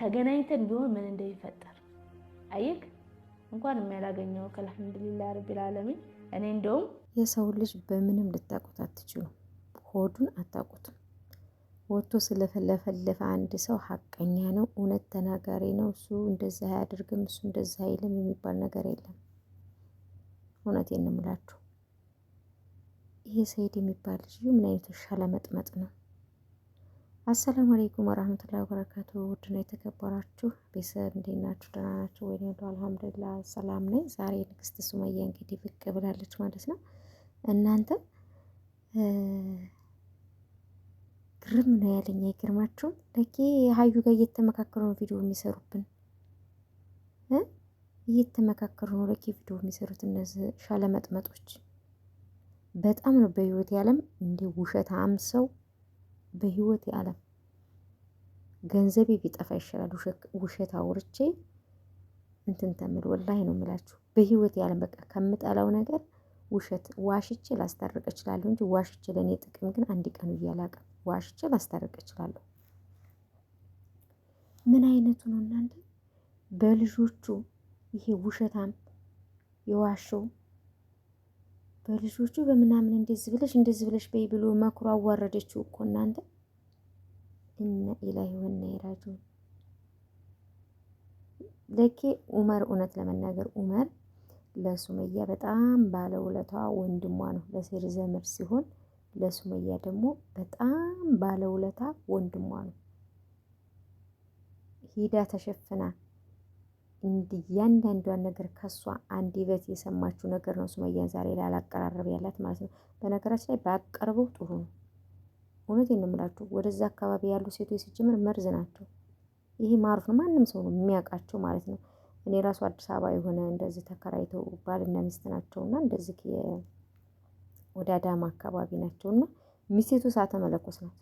ተገናኝተን ቢሆን ምን እንደሚፈጠር አይክ እንኳን የሚያላገኘው ከአልሐምዱሊላ ረቢልዓለሚን እኔ እንደውም የሰው ልጅ በምንም ልታቁት አትችሉ፣ ሆዱን አታቁትም። ወጥቶ ስለፈለፈለፈ አንድ ሰው ሀቀኛ ነው፣ እውነት ተናጋሪ ነው፣ እሱ እንደዚህ አያደርግም፣ እሱ እንደዚህ አይልም የሚባል ነገር የለም። እውነት የንምላችሁ ይሄ ሰይድ የሚባል ልጅ ምን አይነት ሻለመጥመጥ ነው? አሰላሙ አለይኩም ወራህመቱላሂ ወበረካቱ ውድና የተከበራችሁ ቤተሰብ እንዴት ናችሁ? ደህና ናችሁ ወይ? ነው አልሐምዱሊላህ ሰላም ነኝ። ዛሬ ንግስት ሱመያ እንግዲህ ብቅ ብላለች ማለት ነው። እናንተ ግርም ነው ያለኝ። አይገርማችሁም? ለኬ ሀዩ ጋር እየተመካከሩ ነው ቪዲዮ የሚሰሩብን እየተመካከሩ ነው ለኬ ቪዲዮ የሚሰሩት እነዚህ ሻለመጥመጦች። በጣም ነው በህይወት ያለም እንደ ውሸት አምሰው በህይወት የዓለም ገንዘቤ ቢጠፋ ይሻላል ውሸት አውርቼ እንትን ተምል ወላሂ ነው የምላችሁ። በህይወት የዓለም በቃ ከምጠላው ነገር ውሸት ዋሽቼ ላስታርቅ እችላለሁ እንጂ ዋሽቼ ለእኔ ጥቅም ግን አንድ ቀን እያላቅም ዋሽቼ ላስታርቅ እችላለሁ። ምን አይነቱ ነው እናንተ? በልጆቹ ይሄ ውሸታም የዋሸው በልጆቹ በምናምን እንደዚህ ብለሽ እንደዚህ ብለሽ በይ ብሎ መክሮ አዋረደችው እኮ እናንተ። እና ኢላሂ ወና ይራጁ ለኬ ኡመር፣ እውነት ለመናገር ኡመር ለሱመያ በጣም ባለውለቷ ወንድሟ ነው፣ ለሴር ዘመድ ሲሆን ለሱመያ ደግሞ በጣም ባለውለታ ወንድሟ ነው። ሂዳ ተሸፍና እያንዳንዷን ነገር ከእሷ ይበት የሰማችው ነገር ነው ሱመያን ዛሬ ላይ አላቀራረብ ያላት ማለት ነው። በነገራችን ላይ ባቀርበው ጥሩ ነው። እውነት የምላችሁ። ወደዛ አካባቢ ያሉ ሴቶች ሲጀምር መርዝ ናቸው። ይሄ ማሩፍ ነው፣ ማንም ሰው ነው የሚያውቃቸው ማለት ነው። እኔ ራሱ አዲስ አበባ የሆነ እንደዚህ ተከራይተው ባልና ሚስት ናቸውና እንደዚህ ወደ አዳማ አካባቢ ናቸውና ሚስቱ እሳተ መለኮስ ናት።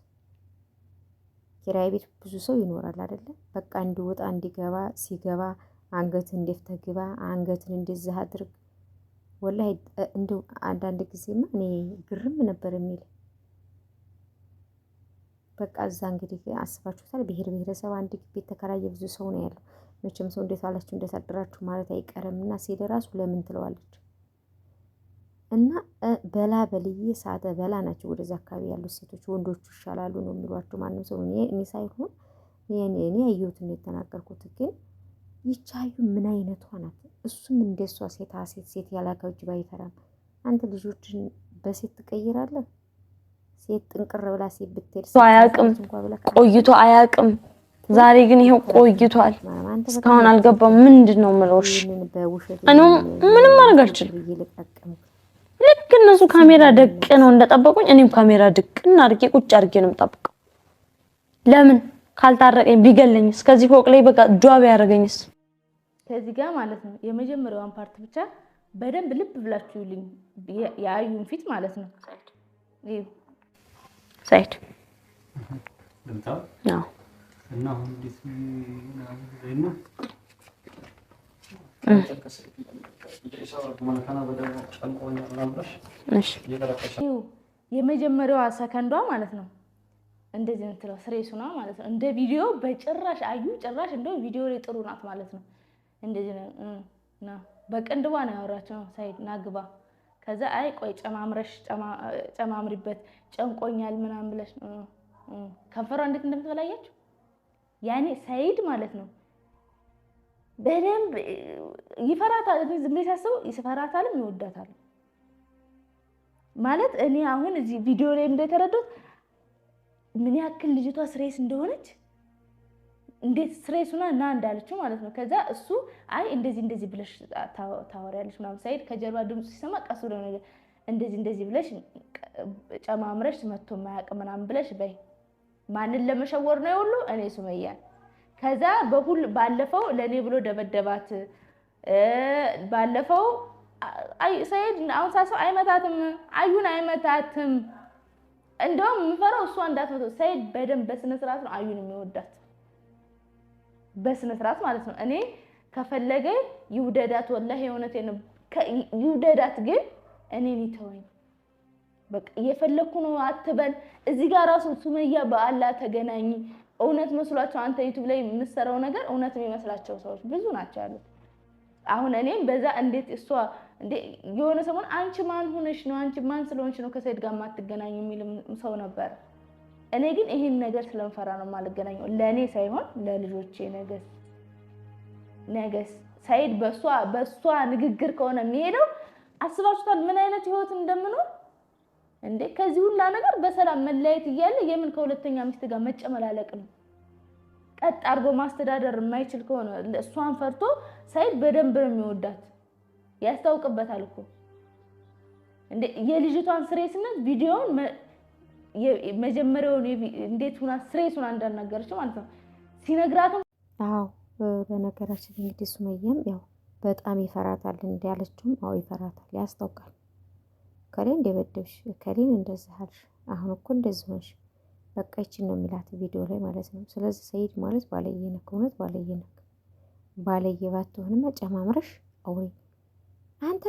ኪራይ ቤት ብዙ ሰው ይኖራል አይደለም። በቃ እንዲወጣ እንዲገባ ሲገባ አንገትን እንዴት ተግባ አንገትን እንደዚህ አድርግ ወላሂ እንደው አንዳንድ ጊዜማ እኔ ግርም ነበር የሚል በቃ እዛ እንግዲህ አስባችሁታል። ብሄር ብሄረሰብ አንድ ቤት ተከራየ ብዙ ሰው ነው ያለው። መቼም ሰው እንዴት ዋላችሁ እንዴት አደራችሁ ማለት አይቀርም እና ሴደ ራሱ ለምን ትለዋለች እና በላ በልዬ ሳተ በላ ናቸው። ወደዛ አካባቢ ያሉት ሴቶች ወንዶቹ ይሻላሉ ነው የሚሏቸው። ማንም ሰው እኔ ሳይሆን እኔ ያየሁትን የተናገርኩት ግን ይቺ ምን አይነቷ ናት? እሱም እንደሷ ሴት ሴት ሴት ያላጋጅ ባይፈራም አንተ ልጆችን በሴት ትቀይራለህ። ሴት ጥንቅር ብላ ሴት ብትሄድ አያውቅም፣ ቆይቶ አያቅም። ዛሬ ግን ይሄው ቆይቷል። እስካሁን አልገባም። ምንድን ነው ምለሽ? እኔ ምንም ማድረግ አልችልም። ልክ እነሱ ካሜራ ደቅ ነው እንደጠበቁኝ፣ እኔም ካሜራ ድቅን አድርጌ ቁጭ አድርጌ ነው የምጠብቀው። ለምን ካልታረቀኝ ቢገለኝስ? ከዚህ ፎቅ ላይ በቃ ጇብ ያደረገኝስ? ከዚህ ጋር ማለት ነው የመጀመሪያዋን ፓርት ብቻ በደንብ ልብ ብላችሁልኝ የአዩን ፊት ማለት ነው ሳይድ የመጀመሪያዋ ሰከንዷ ማለት ነው እንደዚህ ምትለው ስሬሱና ማለት ነው እንደ ቪዲዮ በጭራሽ አዩ ጭራሽ እንደ ቪዲዮ ላይ ጥሩ ናት ማለት ነው እንደዚህ ነው። በቅንድቧ ነው ያወራቸው ሳይድ ናግባ። ከዛ አይ ቆይ ጨማምረሽ ጨማምሪበት ጨንቆኛል ምናምን ብለሽ ከንፈሯ እንዴት እንደምትበላያችሁ ያኔ ማለት ነው። በደንብ ይፈራታል። ዝም ብዬ ሳስበው ይፈራታልም ይወዳታል ማለት እኔ አሁን እዚህ ቪዲዮ ላይ እንደተረዱት ምን ያክል ልጅቷ ስሬስ እንደሆነች እንዴት ስትሬሱና እና እንዳለችው ማለት ነው። ከዛ እሱ አይ እንደዚህ እንደዚህ ብለሽ ታወሪያለሽ ምናምን ሳይድ ከጀርባ ድምፁ ሲሰማ ቀስ ብሎ ነገር እንደዚህ እንደዚህ ብለሽ ጨማምረሽ መቶ ማያቅ ምናምን ብለሽ በይ ማንን ለመሸወር ነው የሁሉ እኔ ሱመያን። ከዛ በሁሉ ባለፈው ለእኔ ብሎ ደበደባት። ባለፈው ሰይድ አሁን ሳሰው አይመታትም፣ አዩን አይመታትም። እንደውም የምፈራው እሷ እንዳትመቶ ሰይድ በደንብ በስነስርዓት ነው አዩን የሚወዳት በስነ ስርዓት ማለት ነው። እኔ ከፈለገ ይውደዳት፣ ወላሂ የእውነቴን ነው ይውደዳት፣ ግን እኔን ይተወኝ። በቃ እየፈለግኩ ነው አትበል። እዚህ ጋር ራሱ ሱመያ በአላ ተገናኝ እውነት መስሏቸው አንተ ዩቱብ ላይ የምትሰራው ነገር እውነት የሚመስላቸው ሰዎች ብዙ ናቸው ያሉት። አሁን እኔም በዛ እንዴት እሷ የሆነ ሰሞን አንቺ ማን ሆነሽ ነው አንቺ ማን ስለሆንሽ ነው ከሰይድ ጋር የማትገናኙ የሚልም ሰው ነበር። እኔ ግን ይሄን ነገር ስለምፈራ ነው የማልገናኘው። ለእኔ ሳይሆን ለልጆቼ ነገስ ነገስ ሳይድ በሷ በሷ ንግግር ከሆነ የሚሄደው አስባችሁታል? ምን አይነት ህይወት እንደምኖር እንዴ! ከዚህ ሁላ ነገር በሰላም መለያየት እያለ የምን ከሁለተኛ ሚስት ጋር መጨመላለቅ ነው? ቀጥ አድርጎ ማስተዳደር የማይችል ከሆነ እሷን ፈርቶ ሳይድ በደንብ ነው የሚወዳት። ያስታውቅበታል እኮ እንዴ! የልጅቷን ስሬስነት ቪዲዮውን መጀመሪያውን እንዴት ሁና ሁና እንዳናገረችው ማለት ነው ሲነግራትም፣ አዎ በነገራችን እንግዲህ ሱመያም ያው በጣም ይፈራታል ያለችውም፣ አዎ ይፈራታል፣ ያስታውቃል። ከሌን እንደበደብሽ፣ ከሌን እንደዚህ አልሽ፣ አሁን እኮ እንደዚህ ሆንሽ፣ በቃ ይችን ነው የሚላት ቪዲዮ ላይ ማለት ነው። ስለዚህ ሰይድ ማለት ባለየ ነክ፣ እውነት ባለየ ነክ፣ ባለየ ባትሆንማ ጨማምረሽ አውሪ አንተ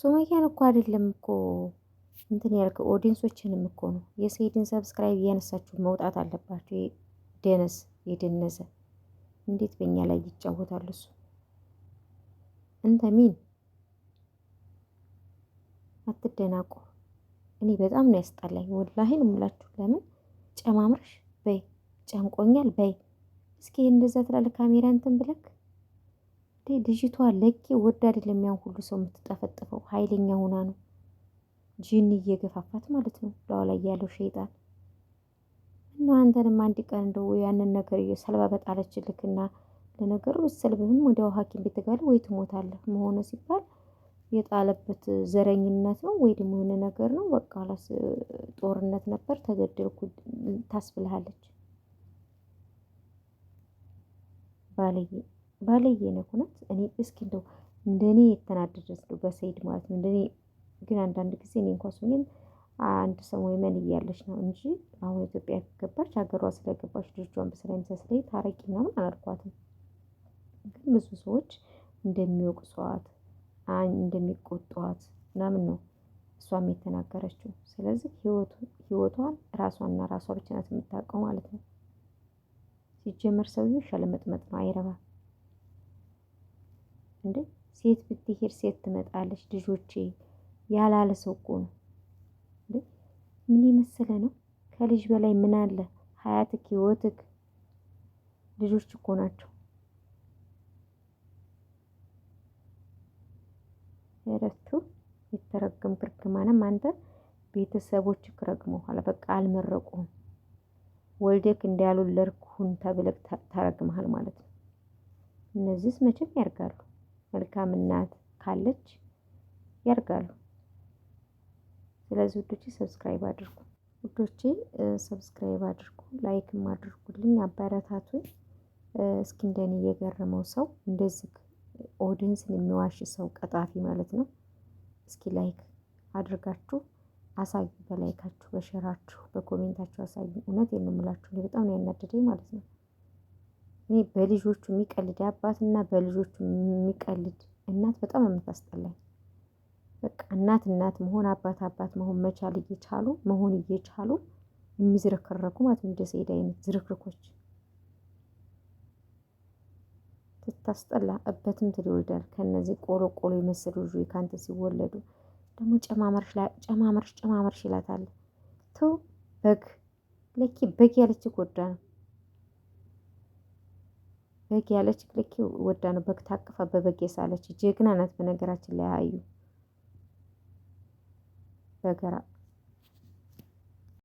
ሱመያን እኮ አይደለም እኮ እንትን ያልከ ኦዲንሶችንም እኮ ነው የሰኢድን ሰብስክራይብ እያነሳችሁ መውጣት አለባችሁ። ደነስ የደነሰ እንዴት በእኛ ላይ ይጫወታሉ? እሱ እንተ ሚን አትደናቁ። እኔ በጣም ነው ያስጠላኝ። ወላሂን እምላችሁ ለምን ጨማምርሽ በይ ጨምቆኛል በይ እስኪ እንደዛ ትላለህ ካሜራ እንትን ብለክ ልጅቷ ለኬ ወድ አይደለም ያን ሁሉ ሰው የምትጠፈጥፈው ኃይለኛ ሆና ነው። ጂን እየገፋፋት ማለት ነው። ላዋ ላይ ያለው ሸይጣን እና አንተንም አንድ ቀን እንደው ያንን ነገር ሰልባ በጣለች ልክና ለነገሩ ብትሰልብህም ወደ ሐኪም ቤት ጋር ወይ ትሞታለህ መሆነ ሲባል የጣለበት ዘረኝነት ነው ወይ ደግሞ የሆነ ነገር ነው። በቃ ላስ ጦርነት ነበር ተገደልኩ ታስብልሃለች። ባለዬ ባለዬ ነው እውነት። እኔ እስኪ እንደው እንደኔ የተናደደች በሰይድ ማለት ነው እንደኔ ግን አንዳንድ ጊዜ እኔ እንኳ ስሆንም አንድ ሰው ወይ መን እያለች ነው እንጂ አሁን ኢትዮጵያ ከገባች ሀገሯ ስለገባች ልጇን ሳስለይ ታረቂ ምናምን አላልኳትም። ግን ብዙ ሰዎች እንደሚወቅሷት እንደሚቆጧት ምናምን ነው እሷም የተናገረችው። ስለዚህ ህይወቷን ራሷና ራሷ ብቻ ናት የምታውቀው ማለት ነው። ሲጀመር ሰውዬው ሸለመጥመጥ ነው፣ አይረባ እንዴ! ሴት ብትሄድ ሴት ትመጣለች ልጆቼ ያላለ ሰው እኮ ነው። ምን የመሰለ ነው። ከልጅ በላይ ምን አለ? ሀያትክ ህይወትክ ልጆች እኮ ናቸው። ረቱ የተረገም ክርክማንም አንተ ቤተሰቦች ረግመኋል። በቃ አልመረቁም። ወልደክ ለርኩን ተብለህ ተረግመሃል ማለት ነው። እነዚህስ መቼም ያርጋሉ። መልካም እናት ካለች ያርጋሉ። ስለዚህ ውዶቼ ሰብስክራይብ አድርጉ፣ ውዶቼ ሰብስክራይብ አድርጉ፣ ላይክም አድርጉልኝ፣ አበረታቱኝ። እስኪ እንደኔ እየገረመው ሰው እንደዚህ ኦዲንስን የሚዋሽ ሰው ቀጣፊ ማለት ነው። እስኪ ላይክ አድርጋችሁ አሳዩ፣ በላይካችሁ፣ በሸራችሁ፣ በኮሜንታችሁ አሳዩ። እውነት የምላችሁ በጣም ነው ያናደደኝ ማለት ነው። እኔ በልጆቹ የሚቀልድ አባት እና በልጆቹ የሚቀልድ እናት በጣም የምታስጠላኝ። እናት እናት መሆን አባት አባት መሆን መቻል እየቻሉ መሆን እየቻሉ የሚዝረከረኩ ማለት ነው። እንደ ሰኢድ አይነት ዝርክርኮች ስታስጠላ እበትም ትልወልዳል። ከነዚህ ቆሎ ቆሎ የመሰሉ ልጆች ከአንተ ሲወለዱ ደግሞ ጨማመርሽ ጨማመርሽ ጨማመርሽ ይላታል። ተው በግ ለኪ በግ ያለች ጎዳ ነው። በግ ያለች ለኪ ወዳ ነው። በግ ታቅፋ በበግ የሳለች ጀግና ናት። በነገራችን ላይ አዩ ሸገራ